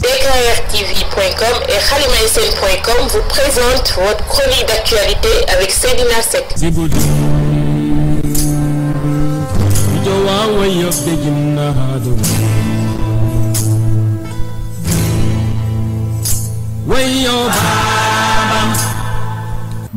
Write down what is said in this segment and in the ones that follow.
DKRTV.com et KhalimaSN.com vous présentent votre chronique d'actualité avec Sedina Sek. way your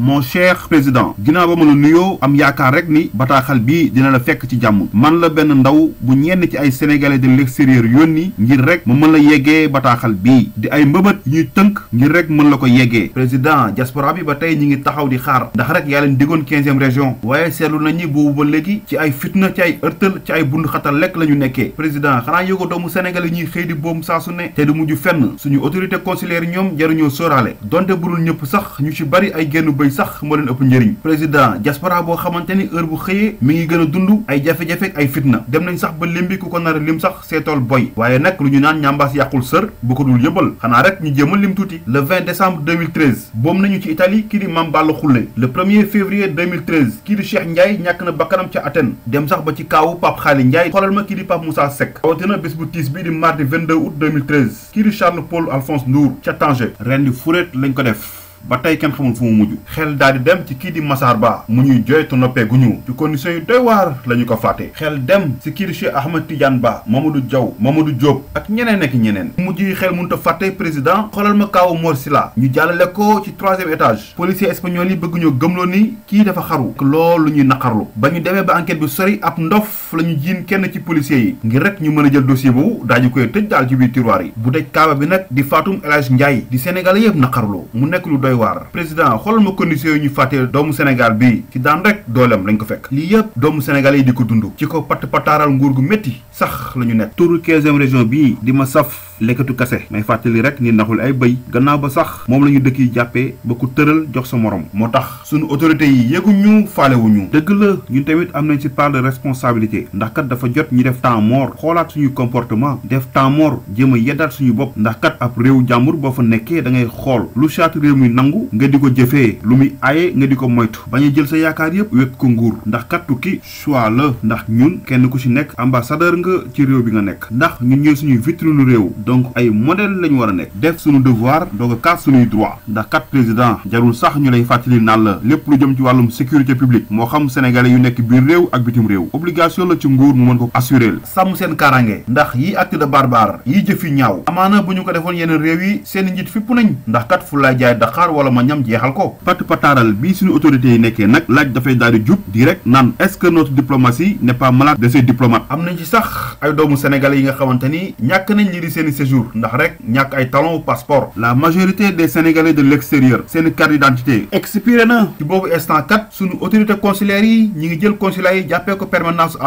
mon cher président ginnaaw ba mën na nuyoo am yaakaar rek ni bataaxal bii dina la fekk ci jàmm man la benn ndaw bu ñenn ci ay sénégalais de yoon yónni ngir rek ma mën la yeggee bataaxal bii di ay mbëbët ñuy tënk ngir rek mën la ko yeggee président diaspora bi ba tey ñi ngi taxaw di xaar ndax rek yaa leen diggoon quinzième région waaye seetlu nañu boobu ba léegi ci ay fitna ci ay ërtël ci ay bund xatal lekk la ñu nekkee président xanaa yógo doomu sénégal yi ñuy xëy di boom saa su ne te du mujj fenn suñu autorité consulaire ñoom jaruñoo sóoraale donte burul ñëpp sax ñu ci bari ay génn yi sax moo leen ëpp njëriñ président diaspora boo xamante ni heure bu xëyee mi ngi gën a dund ay jafe-jafe ay fitna dem nañ sax ba limbi bi ku ko nar a lim sax seetool boy waaye nag lu ñu naan ñambaas yàqul sër bu ko dul yëbal xanaa rek ñu jéem a lim tuuti le 20 décembre 2013 boom nañu ci Italie kii di Mame Balla Khoule le 1er février 2013 kii di Cheikh Ndiaye ñàkk na bakkanam ca Athènes dem sax ba ci kaawu Pape Khali Ndiaye xoolal ma kii di Pape Moussa Seck rawatina bés bu tiis bi di mardi 22 août 2013 kii di Charles Paul Alphonse Ndour ca Tanger ren di furet lañ ko def ba tey kenn xamul fu mu mujj xel daal di dem ci kii di Massar Ba mu ñuy joytu noppee gu ñu ci conditions yu doy waar la ñu ko fàtte xel dem si kii di Cheikh Ahmed Tidiane Ba Mamadou Diaw Mamadou Diop ak ñeneen ak ñeneen mujj xel mënut a fàtte président xoolal ma kaaw Mor Sila ñu jàllale ko ci troisième étage policier espagnol yi bëgg ñoo gëmloo ni kii dafa xaru loolu ñuy naqarlu ba ñu demee ba enquête bi sori ab ndof la ñu jiin kenn ci policiers yi ngir rek ñu mën a jël dossier boobu daañu koy tëj daal ci biir tiroir yi bu dej kaaba bi nag di Fatum El Hadj di Sénégal yëpp naqarlu mu nekk lu doy waar président xoolal ma condition yi ñu fàttee doomu Sénégal bi ci daan rek dooleem lañ ko fekk lii yëpp doomu Sénégal yi di ko dund ci ko patt pataaral nguur gu métti sax la ñu nekk turu 15e région bii di ma saf lekatu kasse may fatali rek ni naxul ay bëy gannaaw ba sax mom lañu dëkk yi jàppee ba ku tëral jox sa morom motax suñu autorité yi wu ñu dëgg la ñun tamit am nañ ci part de responsabilité ndax kat dafa jot ñu def temps mort xoolaat suñu comportement def temps mort jëma a yeddaat suñu bopp ndax kat ab réew jàmbur boo fa nekkee da ngay xool lu chaat réew mi nangu nga di ko jëfee lu muy aaye nga di ko moytu bañ jël sa yaakaar yépp wékk ko nguur ndax kat tukki choix la ndax ñun kenn ku ci nekk ambassadeur nga ci réew bi nga nekk ndax ñun ñooy suñu vitrine réew donc ay modèle lañ wara nek def suñu devoir donc ka suñu droit ndax kat président jarul sax ñu lay fatali nal lepp lu jëm ci walum sécurité publique mo xam sénégalais yu nek biir réew ak bitim réew obligation la ci nguur mu mën ko assurer sam sen karangé ndax yi acte de barbare yi jëf ñaaw amana buñu ko defon yeneen réew yi seen njit fipp nañ ndax kat fu la jaay dakar wala ma ñam jéxal ko pat pataral bi suñu autorité yi nekké nak laaj da fay daal di direct nan est ce que notre diplomatie n'est pas malade de ces diplomates am nañ ci sax ay doomu sénégalais yi nga xamanteni ñak nañ li di seen séjour ndax rek ñàkk ay talon passeport la majorité des sénégalais de l'extérieur une carte d'identité expiré na ci boobu instant sous suñu autorité consulaire. yi ñi ngi jël consulat yi jàppee ko permanence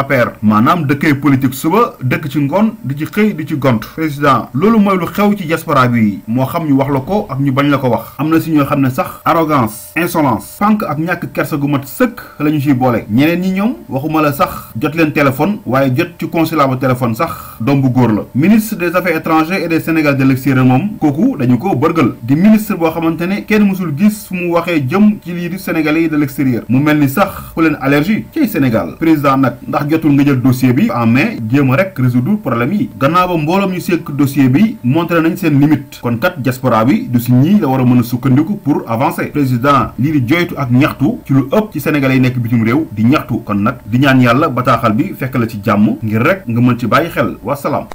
Manam, de dëkkee politique suba de ci ngoon di ci xëy di ci gont président Lolo moi lu xew ci diaspora bi moo xam ñu wax la ak ñu bañ la ko wax am na si sax arrogance insolence pànk ak ñàkk kersa gu mat sëkk la ñu ciy boole ñeneen ñi ñoom waxuma la sax jot leen téléphone waye jot ci consulat au téléphone sax dombu bu la ministre des affaires étrangères étrangers et des Sénégal de l'extérieur moom kooku dañu ko bërgal di ministre boo xamante ne kenn mësul gis fu mu waxee jëm ci lii di Sénégalais de l'extérieur mu mel ni sax ku leen allergie ci Sénégal président Nak, ndax jotul nga jël dossier bi en mai jéem a rek résoudre problème yi gannaaw ba ñu sekk dossier bi montré nañ seen limite kon kat diaspora bi du si la war a sukkandiku pour avancer président lii di joytu ak ñaxtu ci lu ëpp ci Sénégalais yi nekk bitim réew di ñaxtu kon nag di ñaan yàlla bataaxal bi fekk la ci jàmm ngir rek nga mën ci bàyyi xel wasalaam